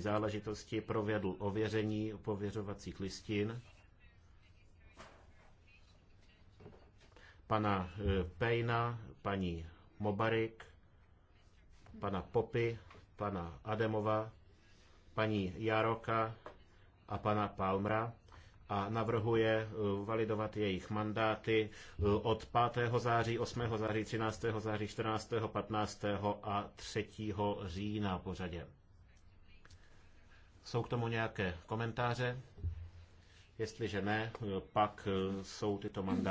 záležitosti provedl ověření pověřovacích listin pana eh, Pejna, paní Mobarik, pana Popy, pana Ademova, paní Jaroka a pana Palmra a navrhuje eh, validovat jejich mandáty eh, od 5. září, 8. září, 13. září, 14. 15. a 3. října pořadě. Jsou k tomu nějaké komentáře? Jestliže ne, pak jsou tyto mandáty